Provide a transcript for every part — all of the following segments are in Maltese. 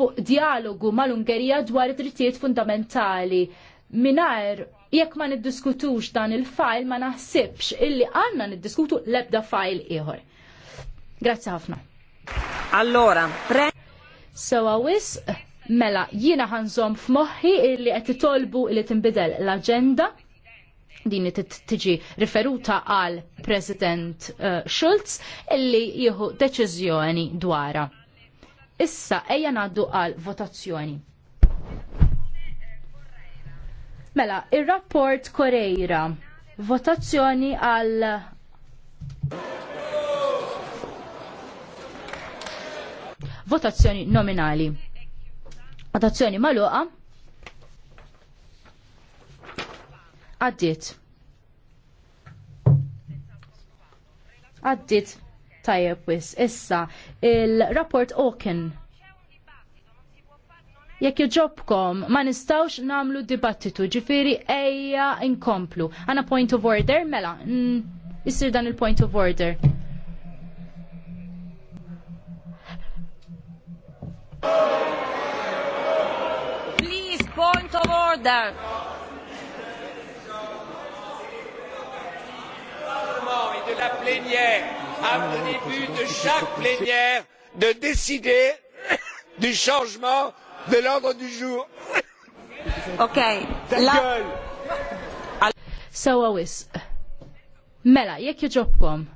fuq dialogu mal-Ungerija dwar id-drittijiet fundamentali. Minar, jekk ma niddiskutux dan il-fajl ma naħsibx illi għanna niddiskutu lebda fajl ieħor. Grazzi ħafna. Allora, pre. so, wis, mela, jina ħanżom f'moħħi illi qed titolbu illi tinbidel l-aġenda din tiġi riferuta għal President uh, Schulz illi jieħu deċiżjoni dwara. Issa ejja ngħaddu għal votazzjoni. Mela, ir-rapport Koreira. Votazzjoni għal Votazzjoni nominali. Votazzjoni maluqa. Għaddiet. Għaddiet Tajjeb wis issa il-rapport Oken. Jekk joġobkom, ma nistawx namlu dibattitu, ġifiri ejja inkomplu. Għana point of order, mela, jisir dan il-point of order. Please, point of order. la plénière le début de chaque plénière de décider du changement de l'ordre du jour. Ok. La... gueule. Mela, jekk joġobkom,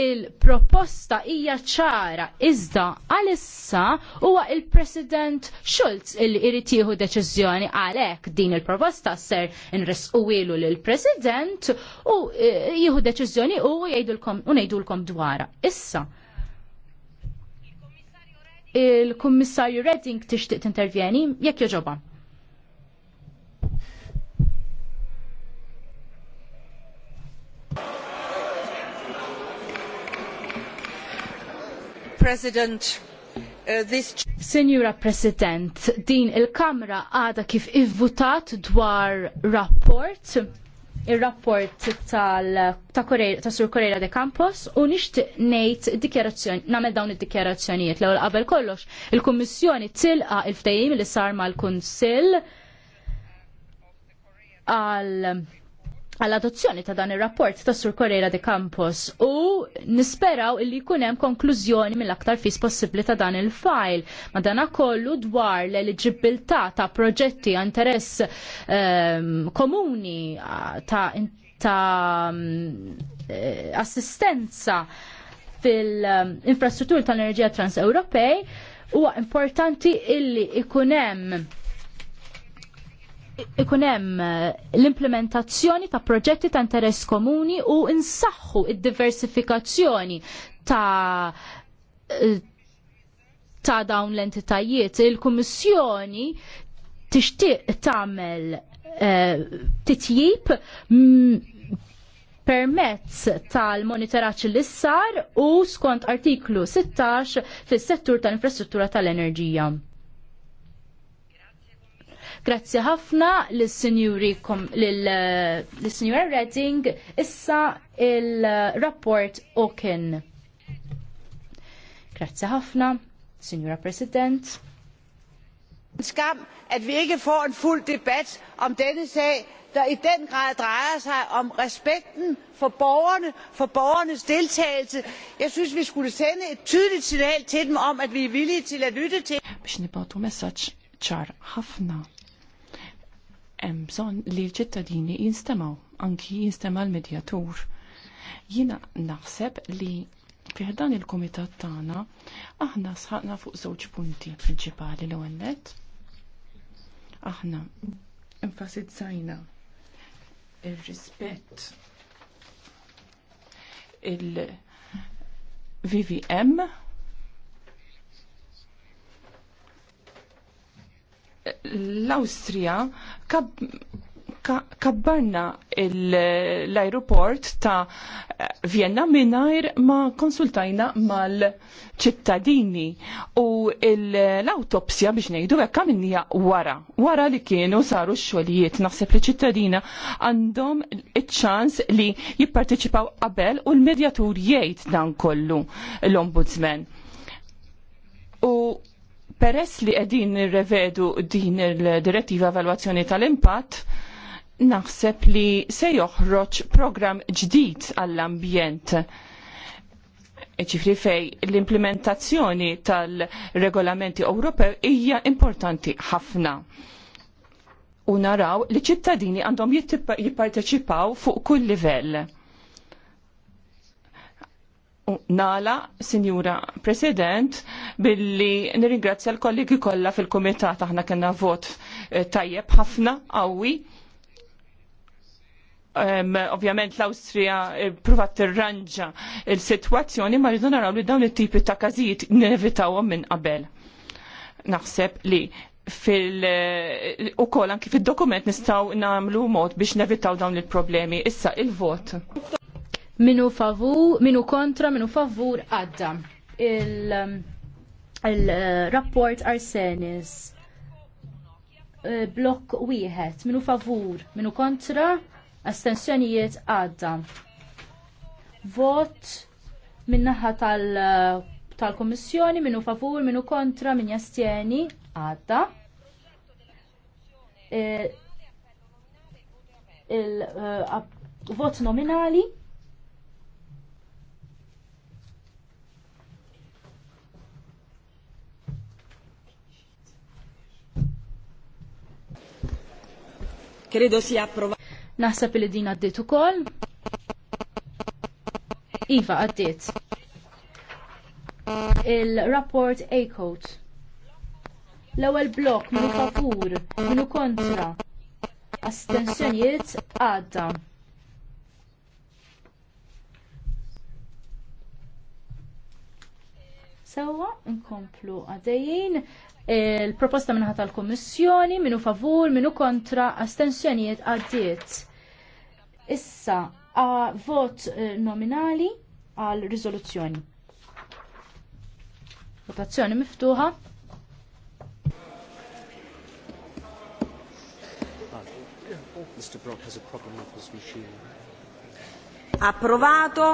il-proposta hija ċara iżda għalissa huwa il-President Schulz il irid jieħu deċiżjoni għalhekk din il-proposta ser inresqu ilu lill-President u e, jieħu deċiżjoni u jgħidulkom u ngħidulkom dwarha. Issa, il-Kummissarju Redding tixtieq tintervjeni jekk joġoba. President, uh, this... Senjura President, din il-Kamra għada kif ivvutat dwar rapport il-rapport tal ta', Sur Korea de Campos u nixtieq ngħid dikjerazzjoni nagħmel dawn id-dikjerazzjonijiet l-ewwel qabel kollox il-Kummissjoni tilqa' il-ftehim li sar mal-Kunsill għal għall-adozzjoni ta' dan ir-rapport ta' Sur Correira de Campos u nisperaw illi jkun hemm konklużjoni mill-aktar fis possibbli ta' dan il-fajl. dan kollu dwar l-eliġibilità ta' proġetti għan interess um, komuni ta', ta um, assistenza fil-infrastruttur tal-enerġija trans-Ewropej huwa importanti illi ikun hemm ikun hemm eh, l-implementazzjoni ta' proġetti ta' interess komuni u insaħħu id-diversifikazzjoni ta' eh, ta' dawn l-entitajiet. Il-Kummissjoni tixtieq tagħmel eh, titjib mm, permezz tal monitoraġġ li sar u skont artiklu 16 fis settur tal-infrastruttura tal-enerġija. Grazzi ħafna eh, l-Sinjura Redding, issa il-rapport Oken. Grazzi ħafna, Signora President. Skam, at vi ikke får en fuld debat om denne sag, der i den grad drejer sig om respekten for borgerne, for borgernes deltagelse. Jeg synes, vi skulle sende et tydeligt signal til dem om, at vi er villige til at lytte til. Hvis ni Biex nibatu messaċ ċar ħafna hemm bżonn li l-ċittadini jinstemaw, anki jinstema l-medjatur. Jina naħseb li fiħdan il-komitat tagħna aħna sħaqna fuq żewġ punti prinċipali l għannet. Aħna enfasizzajna ir-rispett il-VVM l-Awstrija kabbarna l-aeroport ta' Vienna mingħajr ma konsultajna mal-ċittadini u l-autopsja biex ngħidu hekk minnija wara. Wara li kienu saru x-xogħlijiet naħseb li ċittadina għandhom iċ-ċans li jipparteċipaw qabel u l-medjatur jgħid dan kollu l-ombudsman. U Peress li qegħdin nirrevedu din il-direttiva evalwazzjoni tal-impatt, naħseb li se joħroġ program ġdid għall-ambjent ċifri fej l-implementazzjoni tal-regolamenti Ewropew hija importanti ħafna. U naraw li ċittadini għandhom jipparteċipaw fuq kull livell Nala, Sinjura President, billi nirringrazzja l-kollegi kollha fil-Kumitat aħna kena vot eh, tajjeb ħafna qawwi. Um, Ovvjament l-Awstrija eh, pruvat tirranġa il-sitwazzjoni ma rridu naraw li dawn it-tipi ta' każijiet nevitawhom minn qabel. Naħseb li fil eh, u kol anki fil-dokument nistaw namlu mod biex nevitaw dawn il-problemi. Issa il-vot minu favur, minu kontra, minu favur għadda. Il-rapport il, um, uh, Arsenis uh, blok wieħed minu favur, minu kontra, astensjonijiet għadda. Vot minnaħa tal uh, tal minu favur, minu kontra, min jastjeni għadda. Il-vot uh, vot nominali Credo sia approvato. Naħseb li din għaddit ukoll. Iva għaddit. Il-rapport A-Code. L-ewwel blok minu favur, minu kontra. Astensjonijiet għadda. ġewwa nkomplu għadajin. il-proposta minnaħat tal komissjoni minu favur, minu kontra, astensjonijiet għaddiet. Issa, a vot eh, nominali għal riżoluzzjoni. Votazzjoni miftuħa. Mr. Brock has a problem with his machine. Approvato.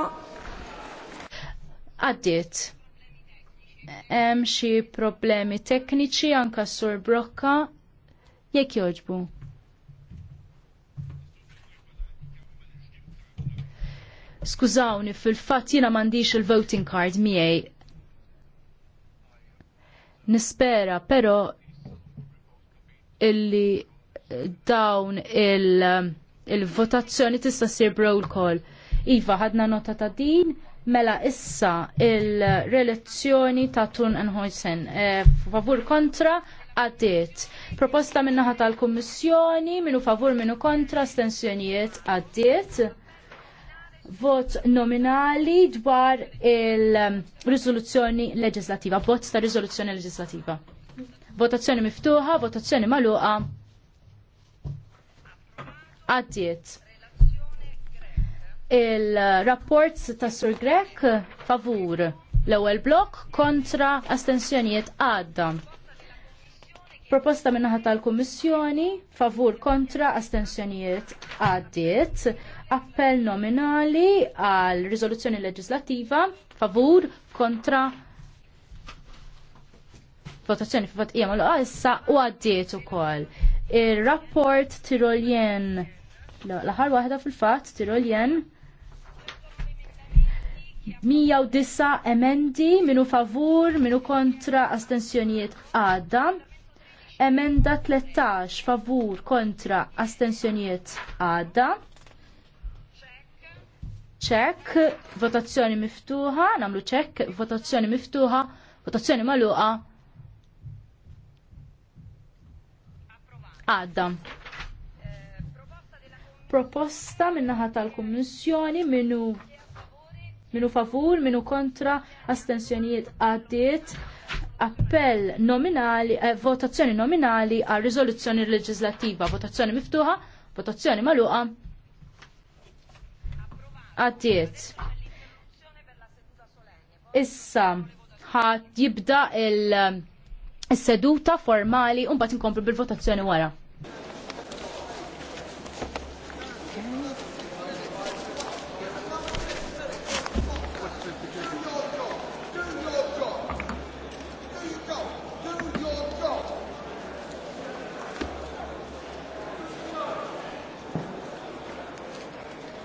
Addit hemm xi problemi tekniċi anka sur Brokka jekk jogħġbu. Skużawni, fil-fatt jiena m'għandix il-voting card miegħi. Nispera, però illi eh, dawn eh, il-votazzjoni tista' ssir roll call. Iva, ħadna nota ta' din, Mela issa il-relazzjoni ta' Tun Enhoisen eh, favur kontra għaddiet. Proposta ħata tal-Kommissjoni minu favur minu kontra stensjonijiet għaddiet. Vot nominali dwar il-rizoluzzjoni leġislativa, vot ta' rizoluzzjoni leġislativa. Votazzjoni miftuħa, votazzjoni maluqa. Għaddiet il-rapport ta' Sur Grek favur l-ewwel blok kontra astensjonijiet għadda. Proposta minnaħat tal-Kummissjoni favur kontra astensjonijiet għaddiet. Appell nominali għal rizoluzzjoni legislativa favur kontra votazzjoni fil-fat qiegħu l issa u għaddiet ukoll. Ir-rapport Tiroljen l-aħħar waħda fil-fatt Tiroljen 109 emendi minu favur, minu kontra astensjonijiet għadda. Emenda 13 favur kontra astensjonijiet għadda. Ċek, votazzjoni miftuħa, namlu ċek, votazzjoni miftuħa, votazzjoni maluqa. Għadda. Proposta minnaħa tal-Kommissjoni minu Minu favur, minu kontra, astensjonijiet għaddiet. Appell nominali, eh, votazzjoni nominali għal riżoluzzjoni legislativa, Votazzjoni miftuħa, votazzjoni maluqa. Għaddiet. Issa, ħat jibda il-seduta eh, formali un bat inkomplu bil-votazzjoni wara.